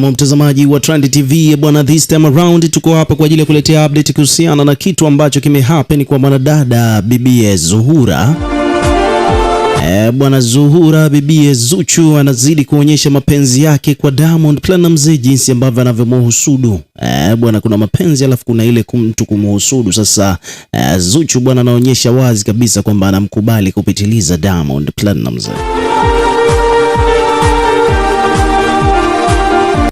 Naam, mtazamaji wa Trend TV eh, bwana, this time around tuko hapa kwa ajili ya kuletea update kuhusiana na kitu ambacho kimehappen kwa mwanadada bibie Zuhura. E, bwana Zuhura bibie Zuchu anazidi kuonyesha mapenzi yake kwa Diamond Platnumz jinsi ambavyo anavyomhusudu. Eh, bwana kuna mapenzi alafu kuna ile mtu kumhusudu. Sasa e, Zuchu bwana anaonyesha wazi kabisa kwamba anamkubali kupitiliza Diamond Platnumz.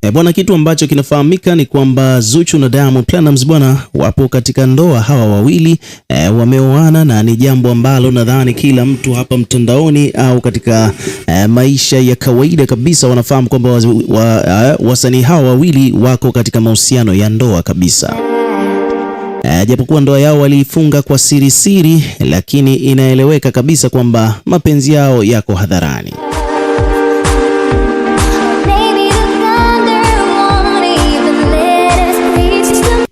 E bwana, kitu ambacho kinafahamika ni kwamba Zuchu na Diamond Platnumz bwana wapo katika ndoa hawa wawili e, wameoana na ni jambo ambalo nadhani kila mtu hapa mtandaoni au katika e, maisha ya kawaida kabisa wanafahamu kwamba wa, wa, wasanii hawa wawili wako katika mahusiano ya ndoa kabisa. E, japokuwa ndoa yao waliifunga kwa siri siri, lakini inaeleweka kabisa kwamba mapenzi yao yako hadharani.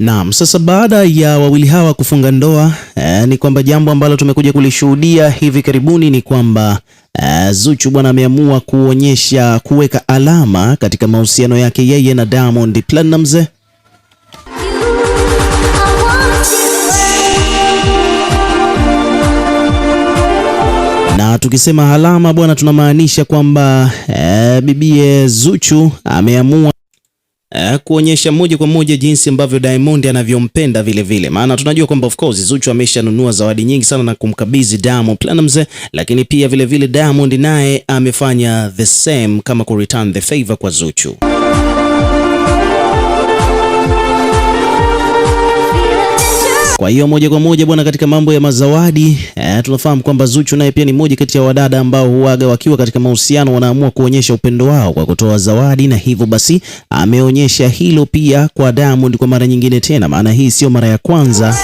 Naam, sasa baada ya wawili hawa kufunga ndoa eh, ni kwamba jambo ambalo tumekuja kulishuhudia hivi karibuni ni kwamba eh, Zuchu bwana ameamua kuonyesha kuweka alama katika mahusiano yake yeye na Diamond Platnumz. Na tukisema alama bwana, tunamaanisha kwamba e, bibie Zuchu ameamua Eh, kuonyesha moja kwa moja jinsi ambavyo Diamond anavyompenda vile vile, maana tunajua kwamba of course Zuchu ameshanunua zawadi nyingi sana na kumkabidhi Diamond Platnumz, lakini pia vile vile Diamond naye amefanya the same kama ku return the favor kwa Zuchu. Kwa hiyo moja kwa moja bwana, katika mambo ya mazawadi eh, tunafahamu kwamba Zuchu naye pia ni moja kati ya wadada ambao huaga wakiwa katika mahusiano wanaamua kuonyesha upendo wao kwa kutoa zawadi, na hivyo basi ameonyesha hilo pia kwa Diamond kwa mara nyingine tena, maana hii sio mara ya kwanza.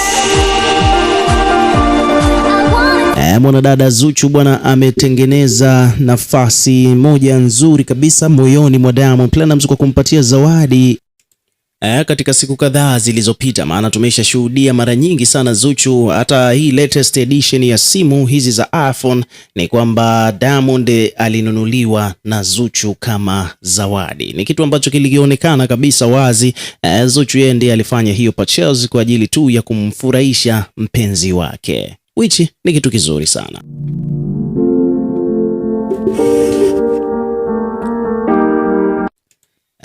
Eh, mwanadada Zuchu bwana ametengeneza nafasi moja nzuri kabisa moyoni mwa Diamond Platnumz kwa kumpatia zawadi eh, katika siku kadhaa zilizopita, maana tumeshashuhudia mara nyingi sana Zuchu. Hata hii latest edition ya simu hizi za iPhone ni kwamba Diamond alinunuliwa na Zuchu kama zawadi, ni kitu ambacho kilionekana kabisa wazi. Eh, Zuchu yeye ndiye alifanya hiyo purchase kwa ajili tu ya kumfurahisha mpenzi wake, which ni kitu kizuri sana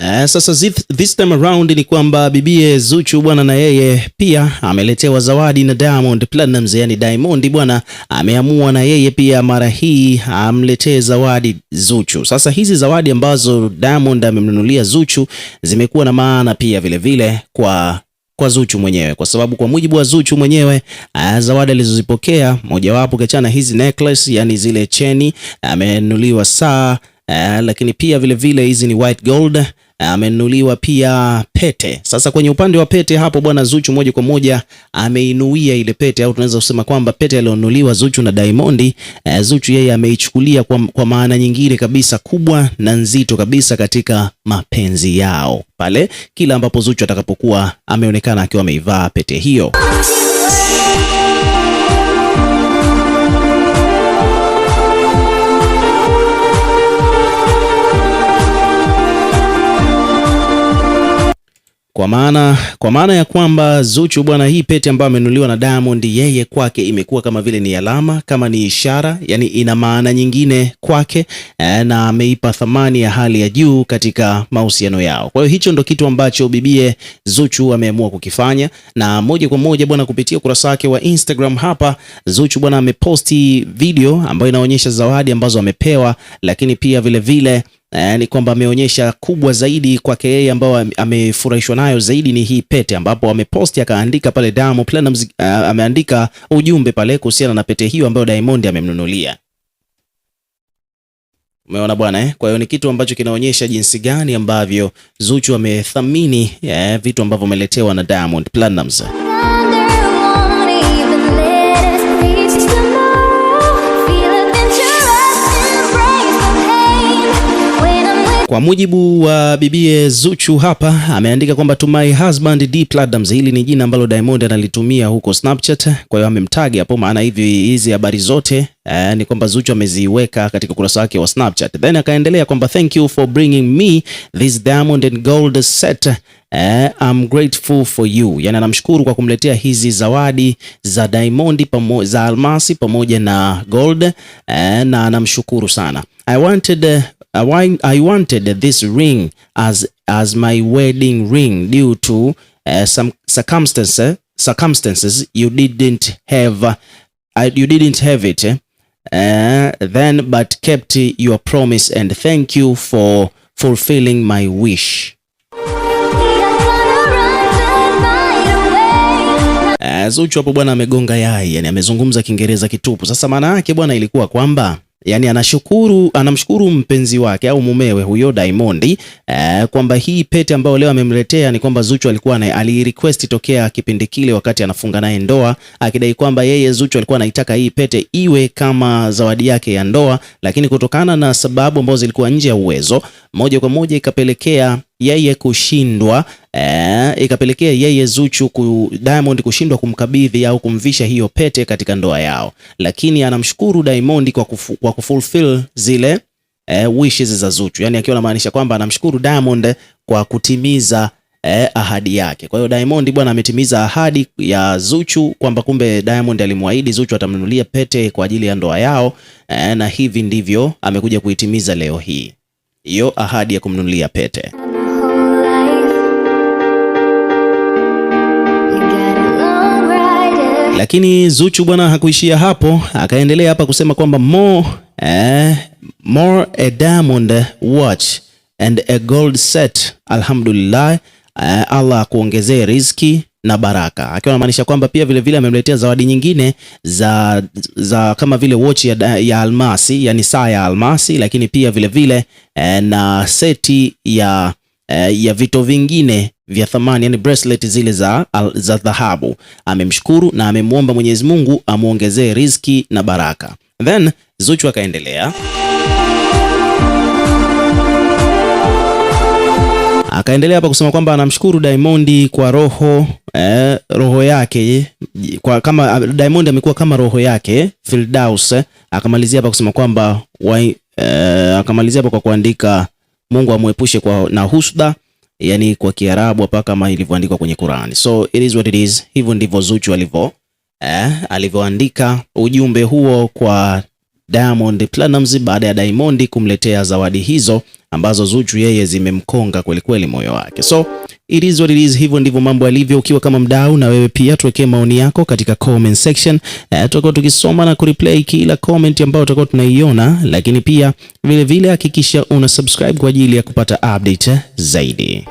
Eh, sasa this time around ni kwamba bibie Zuchu bwana na yeye pia ameletewa zawadi na Diamond Platnumz, yani Diamond bwana ameamua na yeye pia mara hii amletee zawadi Zuchu. Sasa hizi zawadi ambazo Diamond amemnunulia Zuchu zimekuwa na maana pia vile vile kwa kwa Zuchu mwenyewe kwa sababu kwa mujibu wa Zuchu mwenyewe eh, zawadi alizozipokea mojawapo kachana hizi necklace, yani zile cheni, amenunuliwa saa Uh, lakini pia vile vile hizi ni white gold eh, amenunuliwa pia pete. Sasa kwenye upande wa pete hapo, bwana Zuchu moja kwa moja ameinuia ile pete, au tunaweza kusema kwamba pete aliyonunuliwa Zuchu na Diamond eh, Zuchu yeye ameichukulia kwa, kwa maana nyingine kabisa kubwa na nzito kabisa katika mapenzi yao pale kila ambapo Zuchu atakapokuwa ameonekana akiwa ameivaa pete hiyo Kwa maana kwa maana ya kwamba Zuchu bwana, hii pete ambayo amenuliwa na Diamond, yeye kwake imekuwa kama vile ni alama, kama ni ishara, yani ina maana nyingine kwake, eh, na ameipa thamani ya hali ya juu katika mahusiano yao. Kwa hiyo hicho ndo kitu ambacho bibie Zuchu ameamua kukifanya, na moja kwa moja bwana, kupitia ukurasa wake wa Instagram hapa, Zuchu bwana ameposti video ambayo inaonyesha zawadi ambazo amepewa, lakini pia vile vile eh, ni kwamba ameonyesha kubwa zaidi kwake yeye ambao amefurahishwa nayo zaidi ni hii pete, ambapo ameposti akaandika pale Diamond Platnumz uh, eh, ameandika ujumbe pale kuhusiana na pete hiyo ambayo Diamond amemnunulia. Umeona bwana eh? Kwa hiyo ni kitu ambacho kinaonyesha jinsi gani ambavyo Zuchu amethamini eh, vitu ambavyo ameletewa na Diamond Platnumz. Kwa mujibu wa bibie Zuchu hapa ameandika kwamba to my husband D Platnumz, hili ni jina ambalo Diamond analitumia huko Snapchat. Kwa hiyo amemtaga hapo, maana hivi hizi habari zote eh, ni kwamba Zuchu ameziweka katika ukurasa wake wa Snapchat, then akaendelea kwamba thank you for bringing me this diamond and gold set Eh, I'm grateful for you. Yani anamshukuru kwa kumletea hizi zawadi za diamond pamo, za almasi pamoja na gold eh, na anamshukuru sana. I wanted, uh, I wanted this ring as, as my wedding ring due to uh, some circumstances, circumstances you didn't have, uh, you didn't have it eh uh, then but kept your promise and thank you for fulfilling my wish. Zuchu eh, hapo bwana amegonga yai, yani amezungumza Kiingereza kitupu. Sasa maana yake bwana ilikuwa kwamba yani anashukuru, anamshukuru mpenzi wake au mumewe huyo Diamond eh, kwamba hii pete ambayo leo amemletea ni kwamba Zuchu alikuwa alirequest tokea kipindi kile wakati anafunga naye ndoa, akidai kwamba yeye Zuchu alikuwa anaitaka hii pete iwe kama zawadi yake ya ndoa, lakini kutokana na sababu ambazo zilikuwa nje ya uwezo moja kwa moja ikapelekea yeye kushindwa eh, ikapelekea yeye Zuchu ku, Diamond kushindwa kumkabidhi au kumvisha hiyo pete katika ndoa yao, lakini anamshukuru Diamond kwa, kufu, kwa kufulfill zile eh, wishes za Zuchu, yani akiwa anamaanisha kwamba anamshukuru Diamond kwa kutimiza Eh, ahadi yake. Kwa hiyo Diamond bwana ametimiza ahadi ya Zuchu kwamba kumbe Diamond alimwahidi Zuchu atamnunulia pete kwa ajili ya ndoa yao eh, na hivi ndivyo amekuja kuitimiza leo hii hiyo ahadi ya kumnunulia pete. Lakini Zuchu bwana hakuishia hapo, akaendelea hapa kusema kwamba more, eh, more a diamond watch and a gold set alhamdulillah, eh, Allah akuongezee riziki na baraka, akiwa anamaanisha kwamba pia vilevile amemletea zawadi nyingine za, za kama vile watch ya, ya almasi yani saa ya almasi, lakini pia vilevile vile, eh, na seti ya uh, ya vito vingine vya thamani, yani bracelet zile za za dhahabu. Amemshukuru na amemwomba Mwenyezi Mungu amwongezee riziki na baraka. Then Zuchu akaendelea akaendelea hapa kusema kwamba anamshukuru Diamond kwa roho eh, roho yake kwa kama Diamond amekuwa kama roho yake Fildaus. Akamalizia hapa kusema kwamba eh, akamalizia hapa kwa kuandika Mungu amwepushe kwa na husda, yani kwa Kiarabu hapa kama ilivyoandikwa kwenye Qur'an. So it is what it is, hivyo ndivyo Zuchu alivyo eh, alivyoandika ujumbe huo kwa Diamond Platinumz baada ya Diamond kumletea zawadi hizo ambazo Zuchu yeye zimemkonga kwelikweli moyo wake. So it is what it is, hivyo ndivyo mambo yalivyo. Ukiwa kama mdau na wewe pia, tuwekee maoni yako katika comment section. Eh, tutakuwa tukisoma na kureplay kila comment ambayo tutakuwa tunaiona, lakini pia vilevile hakikisha vile una subscribe kwa ajili ya kupata update zaidi.